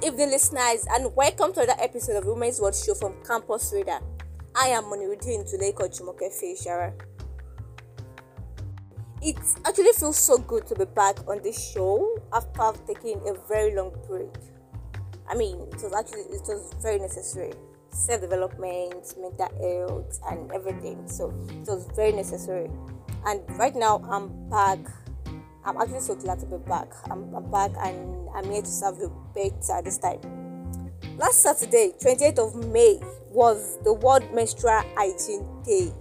Good evening, listeners, and welcome to another episode of Women's World Show from Campus Reader. I am Moniruddin Tuleiko Jumoke Feshara. It actually feels so good to be back on this show after taking a very long break. I mean, it was actually it was very necessary. Self development, mental health, and everything. So it was very necessary. And right now, I'm back I'm actually so glad to be back. I'm, I'm back and I'm here to serve you better this time. Last Saturday, 28th of May, was the World Menstrual Hygiene Day.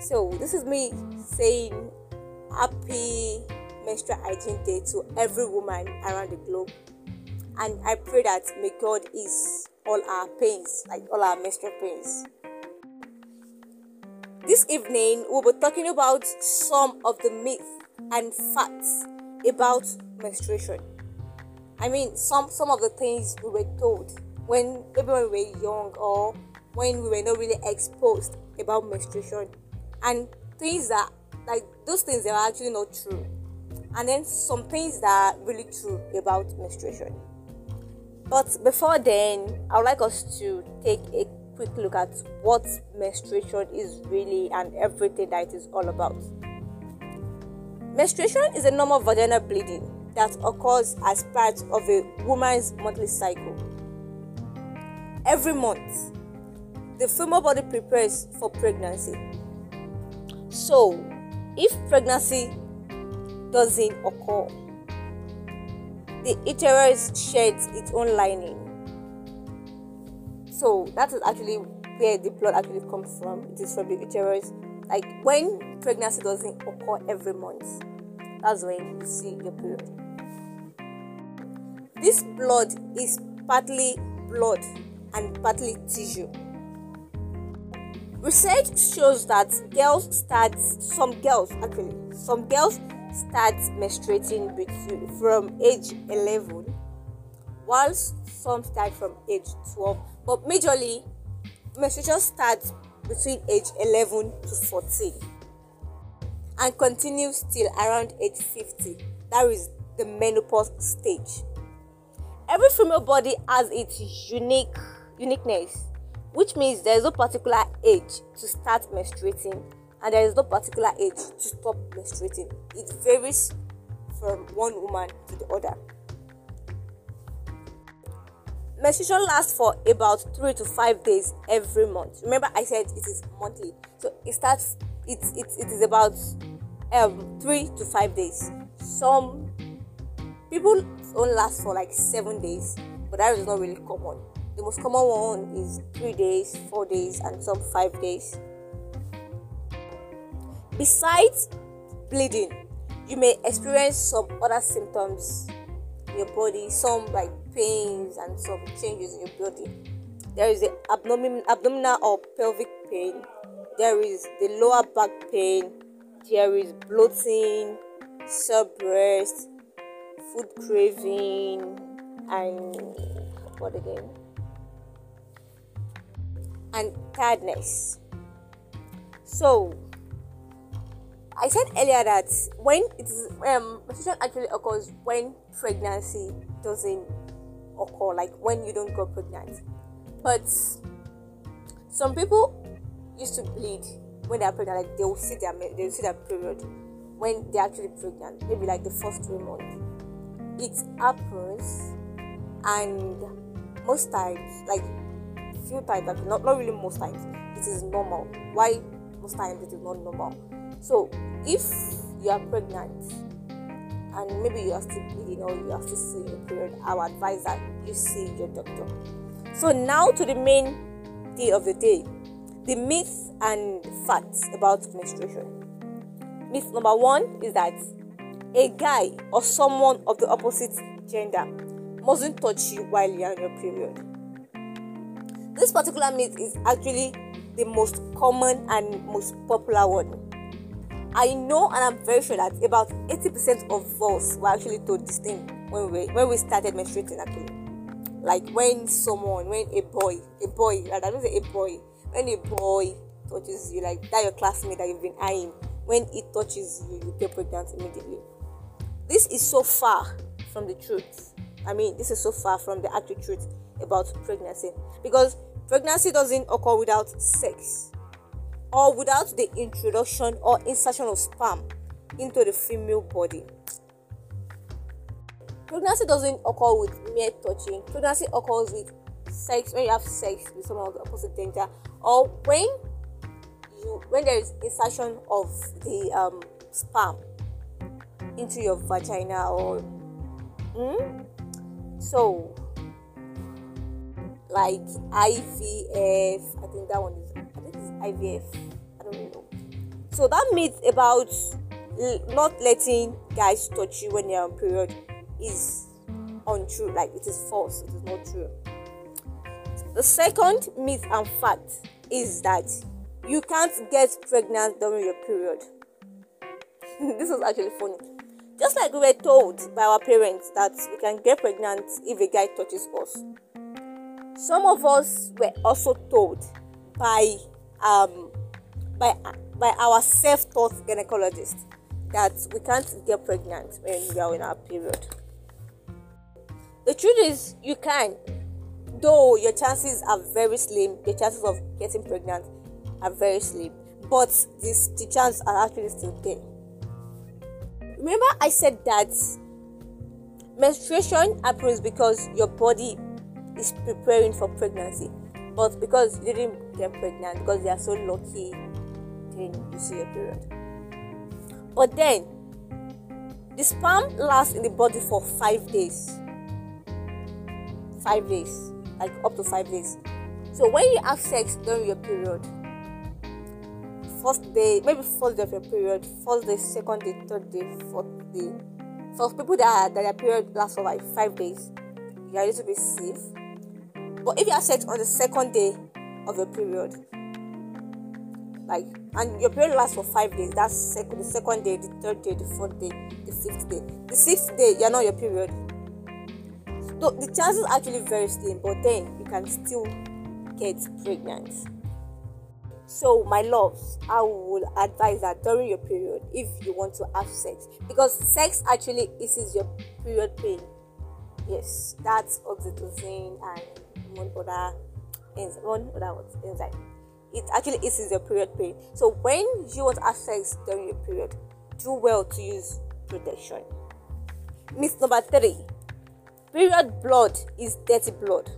So, this is me saying happy menstrual hygiene day to every woman around the globe. And I pray that may God ease all our pains, like all our menstrual pains. This evening, we'll be talking about some of the myths and facts about menstruation. I mean, some some of the things we were told when maybe when we were young or when we were not really exposed about menstruation, and things that like those things that are actually not true, and then some things that are really true about menstruation. But before then, I would like us to take a quick look at what menstruation is really and everything that it is all about. Menstruation is a normal vaginal bleeding that occurs as part of a woman's monthly cycle. Every month, the female body prepares for pregnancy. So, if pregnancy doesn't occur, the uterus sheds its own lining. So, that is actually where the blood actually comes from. It is from the uterus like when pregnancy doesn't occur every month, that's when you see your period. This blood is partly blood and partly tissue. Research shows that girls start, some girls actually, some girls start menstruating from age 11, while some start from age 12. But majorly, menstruation starts between age 11 to 14 and continues till around age 50. That is the menopause stage. Every female body has its unique uniqueness, which means there is no particular age to start menstruating and there is no particular age to stop menstruating. It varies from one woman to the other menstruation lasts for about three to five days every month. Remember, I said it is monthly, so it starts. It it, it is about um, three to five days. Some people only last for like seven days, but that is not really common. The most common one is three days, four days, and some five days. Besides bleeding, you may experience some other symptoms your body, some like pains and some changes in your body. There is the abdomen, abdominal or pelvic pain. There is the lower back pain. There is bloating, sore breast, food craving, and what again? And tiredness. So I said earlier that when it is um menstruation actually occurs when pregnancy doesn't occur, like when you don't get pregnant. But some people used to bleed when they are pregnant, like they will see their they will see their period when they're actually pregnant, maybe like the first three months. It happens and most times, like few times, like not, not really most times, it is normal. Why most times it is not normal? So, if you are pregnant and maybe you are still bleeding or you have to see your period, I would advise that you see your doctor. So, now to the main day of the day the myths and facts about menstruation. Myth number one is that a guy or someone of the opposite gender mustn't touch you while you're on your period. This particular myth is actually the most common and most popular one I know and I'm very sure that about 80% of us were actually told this thing when we when we started menstruating actually. Like when someone, when a boy, a boy, rather not a boy, when a boy touches you, like that your classmate that you've been eyeing, when it touches you, you get pregnant immediately. This is so far from the truth. I mean, this is so far from the actual truth about pregnancy because pregnancy doesn't occur without sex or without the introduction or insertion of sperm into the female body. Pregnancy doesn't occur with mere touching. Pregnancy occurs with sex when you have sex with someone of the opposite gender, or when you when there is insertion of the um, sperm into your vagina or hmm, so like IVF. I think that one IVF. I don't know. So that myth about not letting guys touch you when you're on period is untrue. Like it is false. It is not true. The second myth and fact is that you can't get pregnant during your period. this is actually funny. Just like we were told by our parents that we can get pregnant if a guy touches us. Some of us were also told by um, by by our self-taught gynecologist that we can't get pregnant when we are in our period. The truth is, you can, though your chances are very slim. Your chances of getting pregnant are very slim, but this the chance are actually still there. Remember, I said that menstruation happens because your body is preparing for pregnancy but because you didn't get pregnant, because they are so lucky, then you see your period. But then, the sperm lasts in the body for five days. Five days, like up to five days. So when you have sex during your period, first day, maybe first day of your period, first day, second day, third day, fourth day. For people that, that their period lasts for like five days, you are able to be safe but if you have sex on the second day of your period, like and your period lasts for five days, that's sec- the second day, the third day, the fourth day, the fifth day, the sixth day, you're not your period. So the chances are actually very slim, but then you can still get pregnant. So, my loves, I would advise that during your period, if you want to have sex, because sex actually eases your period pain. Yes, that's oxytocin and one other one other what enzyme. It actually eases your period pain. So when you want access during your period, do well to use protection. Myth number three: period blood is dirty blood.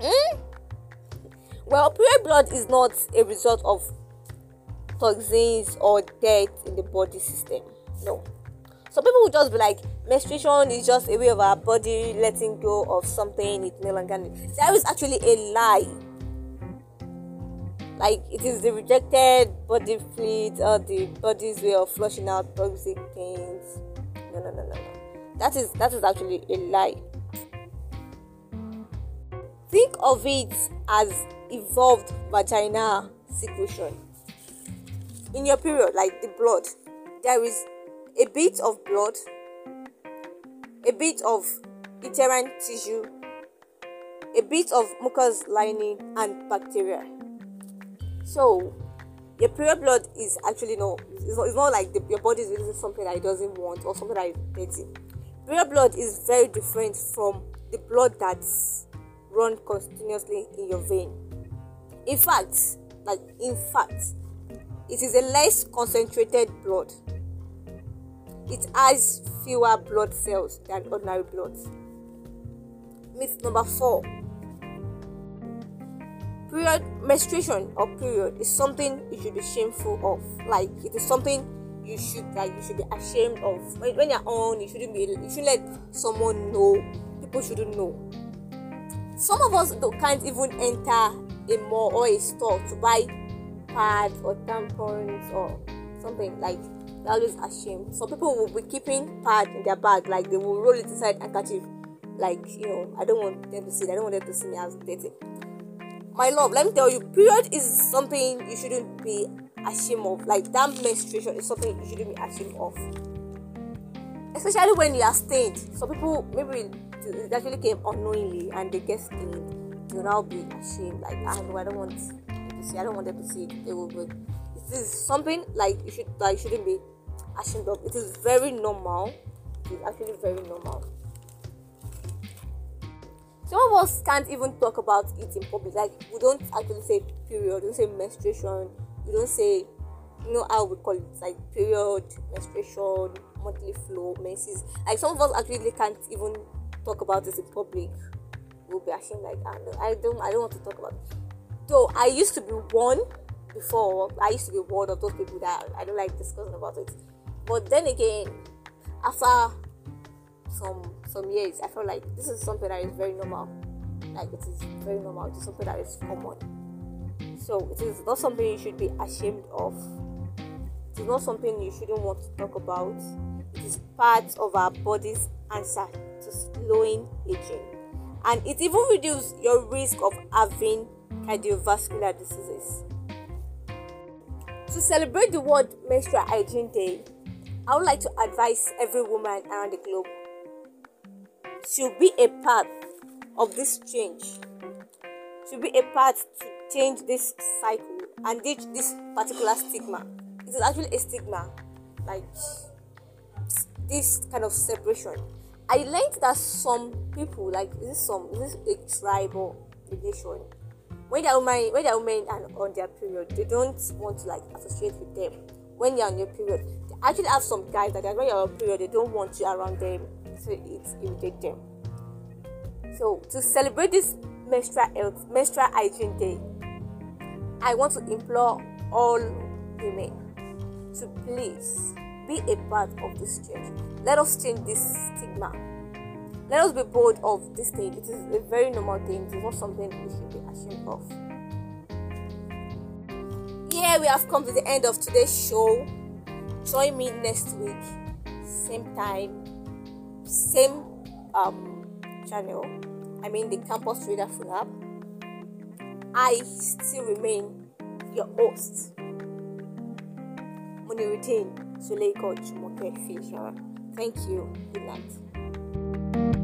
Hmm? Well, period blood is not a result of toxins or death in the body system. No. Some people will just be like, menstruation is just a way of our body letting go of something it no longer needs. That is actually a lie. Like it is the rejected body fluid or the body's way of flushing out toxic things. No, no, no, no, no. That is that is actually a lie. Think of it as evolved vagina secretion. In your period, like the blood, there is a bit of blood a bit of uterine tissue, a bit of mucous lining, and bacteria. So, your period blood is actually no, it's not, it's not like the, your body is releasing something that it doesn't want or something that is dirty. Period blood is very different from the blood that's run continuously in your vein. In fact, like in fact, it is a less concentrated blood it has fewer blood cells than ordinary blood. Myth number four period menstruation or period is something you should be shameful of. Like it is something you should like you should be ashamed of. When, when you're on, you shouldn't be you should let someone know. People shouldn't know. Some of us don't, can't even enter a mall or a store to buy pads or tampons or something like always ashamed. Some people will be keeping pad in their bag, like they will roll it inside and catch it. Like, you know, I don't want them to see it. I don't want them to see me as dirty. My love, let me tell you, period is something you shouldn't be ashamed of. Like that menstruation is something you shouldn't be ashamed of. Especially when you are stained. Some people maybe it actually came unknowingly and they get stained. You'll now be ashamed. Like, I ah, know I don't want to see. I don't want them to see it. They will be this is something like you should like you shouldn't be ashamed of. It is very normal. It is actually very normal. Some of us can't even talk about it in public. Like we don't actually say period, we don't say menstruation, we don't say you know how we call it like period, menstruation, monthly flow, menses. Like some of us actually can't even talk about this in public. We'll be ashamed like ah, I don't I don't want to talk about it. So I used to be one before. I used to be one of those people that I don't like discussing about it. But then again, after some some years, I felt like this is something that is very normal. Like it is very normal. It is something that is common. So it is not something you should be ashamed of. It is not something you shouldn't want to talk about. It is part of our body's answer to slowing aging, and it even reduces your risk of having cardiovascular diseases. To celebrate the World Menstrual Hygiene Day, I would like to advise every woman around the globe to be a part of this change, to be a part to change this cycle and ditch this particular stigma. It is actually a stigma, like this kind of separation. I learned that some people, like this some this is a tribal relation. When their women when their women and on their period, they don't want to like associate with them when they are on their period. I actually have some guys that are going on period, they don't want you around them, so it irritate them. So to celebrate this menstrual health, menstrual hygiene day, I want to implore all women to please be a part of this change. Let us change this stigma. Let us be bold of this thing. It is a very normal thing. It is not something we should be ashamed of. Yeah, we have come to the end of today's show join me next week, same time, same um, channel. I mean, the Campus Radio Full App. I still remain your host, Muniruddin Zuleiko Thank you. Good night.